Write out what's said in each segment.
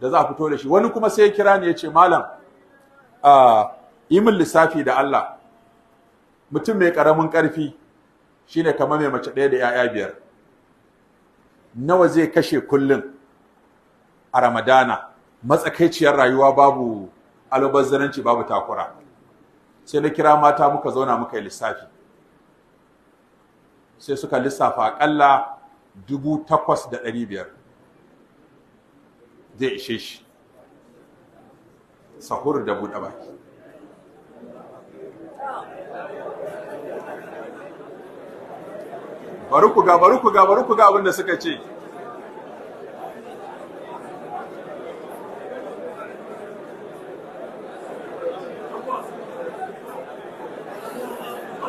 da za a fito da shi wani kuma sai ya kira ni ya ce malam yi min lissafi da Allah mutum mai karamin karfi ne kama mai mace ɗaya da 'ya'ya biyar nawa zai kashe kullum a ramadana matsakaiciyar rayuwa babu albazaranci babu takura sai na kira mata muka zauna muka yi lissafi sai suka lissafa aƙalla dubu takwas da ɗari biyar zai ishe shi sahur da buɗe baki bari ku ga bari ku ga bari ku ga abin da suka ce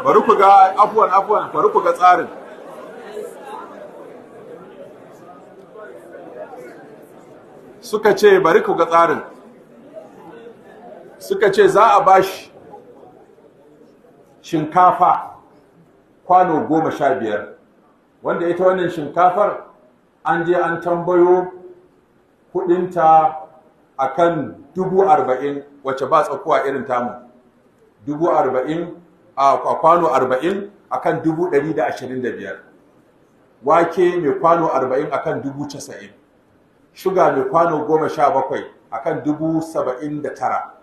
bari ku ga afuwan afuwan bari ku ga tsarin suka ce bari ku ga tsarin suka ce za a bashi shinkafa kwano goma sha biyar wanda ita wannan shinkafar an je an tambayo kudinta a kan dubu arba'in wacce ba tsakuwa irin tamu dubu arba'in a kwano arba'in a kan dubu ɗari da ashirin da biyar wake mai kwano arba'in a kan dubu casa'in shuga mai kwano goma sha bakwai akan dubu saba'in da tara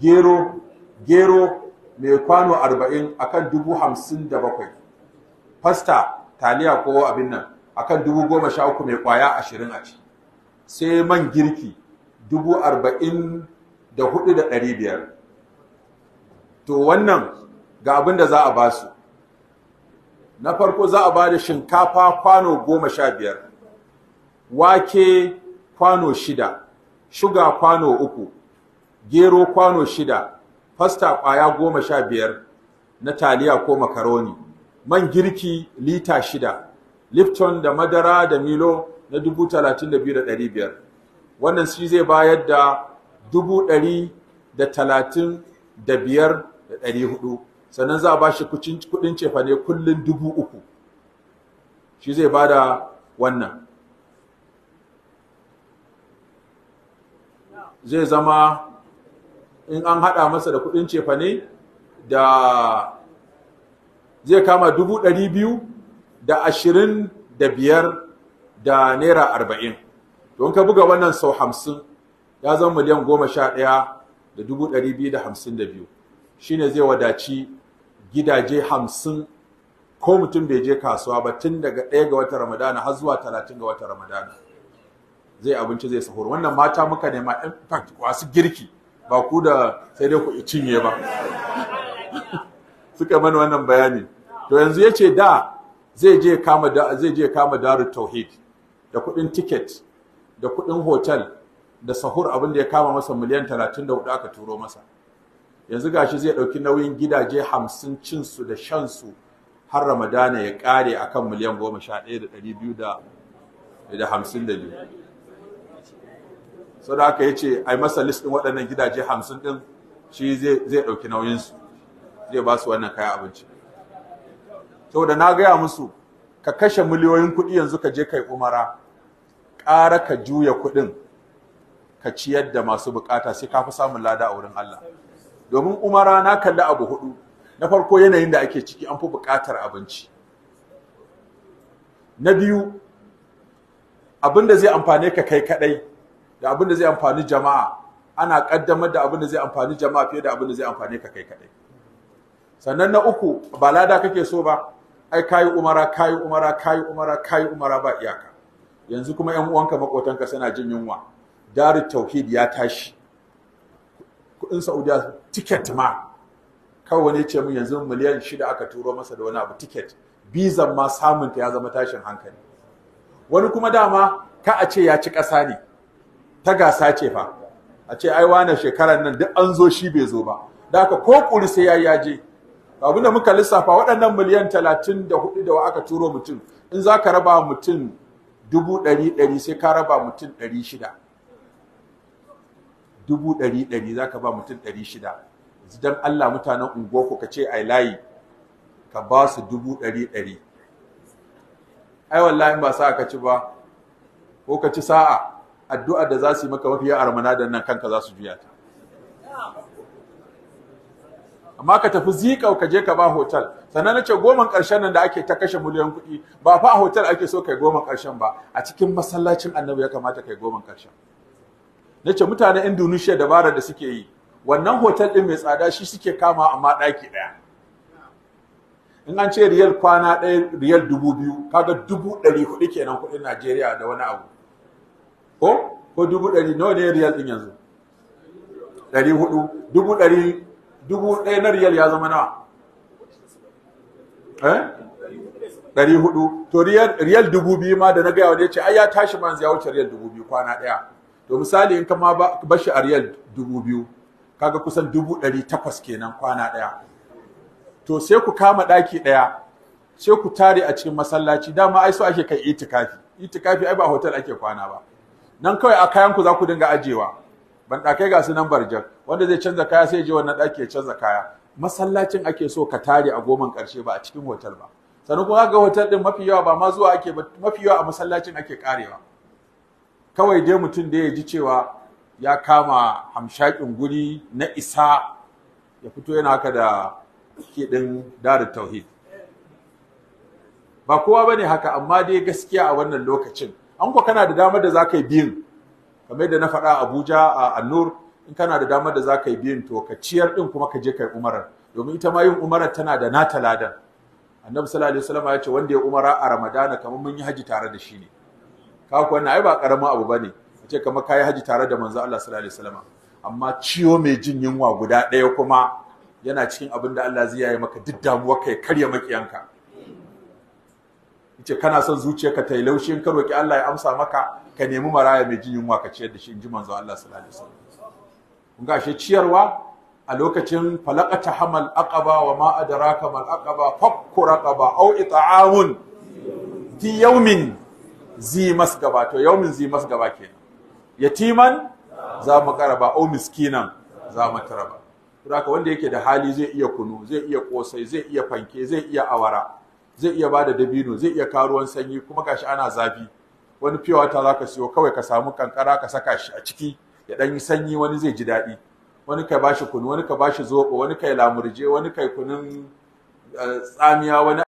gero gero mai kwano arba'in akan dubu hamsin da bakwai fasta taliya ko abin nan akan dubu goma sha uku mai kwaya ashirin a ci sai man girki dubu arba'in da hudu da ɗari biyar to wannan ga abin da za a ba su na farko za a ba da shinkafa kwano goma sha biyar wake kwano shida shuga kwano uku gero kwano shida fasta kwaya goma sha biyar na taliya ko makaroni man girki lita shida lifton da madara da milo na dubu talatin da biyu da ɗari biyar wannan shi zai bayar da dubu ɗari da talatin da biyar da ɗari hudu sannan za a ba shi kuɗin cefane kullum dubu uku shi zai ba da wannan zai zama in an haɗa masa da kuɗin cefane da zai kama dubu ɗari biyu da ashirin da biyar da naira arba'in don ka buga wannan sau hamsin ya zama miliyan goma sha ɗaya da dubu ɗari biyu da hamsin da biyu shine zai wadaci gidaje hamsin ko mutum bai je kasuwa ba tun daga ɗaya ga wata ramadana har zuwa talatin ga wata ramadana zai abinci zai sahur wannan mata muka nema in fact wasu girki ba ku da sai dai ku cinye ba suka mana wannan bayani to yanzu yace da zai je kama da zai je kama Daru tauhid da kudin ticket da kudin hotel da sahur abin da ya kama masa miliyan 34 aka turo masa yanzu gashi zai dauki nauyin gidaje 50 cin su da shan su har Ramadana ya kare akan miliyan da 11,252 sau da aka yi ce ai masa list ɗin waɗannan gidaje hamsin ɗin shi zai ɗauki nauyinsu zai ba su wannan kayan abinci da na gaya musu ka kashe miliyoyin kuɗi yanzu ka je kai umara ƙara ka juya kuɗin ka ciyar da masu bukata sai ka fi samun lada a wurin Allah domin umara na kalli abu hudu na farko yanayin da ake ciki an fi bukatar abinci na biyu abin da zai amfane ka kai kadai da abin da zai amfani jama'a ana kaddamar da abin da zai amfani jama'a fiye da abin da zai amfani ka kai kadai sannan na uku ba lada kake so ba ai kai umara kai umara kai umara kai umara ba iyaka yanzu kuma yan uwanka makotanka suna jin yunwa dari tauhid ya tashi kudin saudiya ticket ma kawai wani ce min yanzu miliyan shida aka turo masa da wani abu ticket bizan ma samunta ya zama tashin hankali wani kuma dama ka a ce ya ci ƙasa ne ta gasa ce fa a ce ai wane shekarar nan duk an zo shi bai zo ba da haka ko kuri sai yayi yaje abin da muka lissafa waɗannan miliyan 34 da aka turo mutum in za ka raba mutum dubu ɗari ɗari sai ka raba mutum ɗari shida dubu ɗari ɗari za ka ba mutum ɗari shida don Allah mutanen unguwarku ka ce ai layi ka ba su dubu ɗari ɗari ai wallahi ba sa'a ka ci ba ko ka ci sa'a addu'a da za su yi maka mafiya armana da nan kanka za su juya ta amma ka tafi zikau ka je ka ba hotel sannan na ce goman ƙarshen nan da ake ta kashe miliyan kuɗi ba fa a hotel ake so kai goman ƙarshen ba a cikin masallacin annabi ya kamata kai goman ƙarshen na ce mutanen indonesia dabarar da suke yi wannan hotel ɗin mai tsada shi suke kama amma ɗaki ɗaya in an ce riyal kwana ɗaya riyal dubu biyu kaga dubu ɗari huɗu kenan kuɗin najeriya da wani abu ko ko dubu ɗari nawa ne riyal ɗin yanzu ɗari hudu dubu ɗari dubu ɗaya na riyal ya zama nawa eh ɗari hudu to riyal dubu biyu ma da na gaya wani ya ce ai ya tashi manzu ya wuce riyal dubu biyu kwana ɗaya to misali in kama bashi a riyal dubu biyu kaga kusan dubu ɗari takwas kenan kwana ɗaya to sai ku kama ɗaki ɗaya sai ku tare a cikin masallaci dama ai so ake kai itikafi itikafi ai ba hotel ake kwana ba nan kawai a kayan ku za ku dinga ajewa ban ɗakai ga su nan barjak wanda zai canza kaya sai je wannan ɗaki ya canza kaya masallacin ake so ka tare a goman ƙarshe ba a cikin hotel ba sannan kuma ga hotel ɗin mafi yawa ba ma zuwa ake ba mafi yawa a masallacin ake karewa kawai dai mutum da ya ji cewa ya kama hamshakin guri na isa ya fito yana haka da kiɗin darin tauhid ba kowa bane haka amma dai gaskiya a wannan lokacin an kuwa kana da damar da za ka yi biyun kamar yadda na faɗa abuja a annur in kana da damar da za ka yi biyun to ka ciyar ɗin kuma ka je ka yi umarar domin ita ma yin umarar tana da nata ladan annabi sallallahu alaihi wasallam ya ce wanda ya umara a ramadana kamar mun yi haji tare da shi ne ka ku wannan ai ba karamin abu bane ce kamar kai haji tare da manzo Allah sallallahu alaihi wasallam amma ciwo mai jin yunwa guda ɗaya kuma yana cikin abin da Allah zai yi maka duk damuwar kai karya makiyanka ce kana son zuciya ta yi laushi in ka roki Allah ya amsa maka ka nemi maraya mai jin yunwa ka ciyar da shi in ji manzo Allah sallallahu alaihi wasallam kun ga ciyarwa a lokacin falaqata hamal aqaba wa ma adraka mal aqaba fakku raqaba aw it'amun fi yawmin zi masgaba to yawmin zi masgaba kenan yatiman za mu karaba aw miskinan za mu taraba saboda wanda yake da hali zai iya kunu zai iya kosai zai iya fanke zai iya awara zai iya bada dabino zai iya karuwan sanyi kuma gashi ana zafi wani fiye wata za ka siyo kawai ka samu kankara ka saka shi a ciki ya ɗan yi sanyi wani zai ji daɗi wani ka bashi kunu wani ka bashi zoɓo wani ka lamurje wani ka kunun eh, tsamiya wani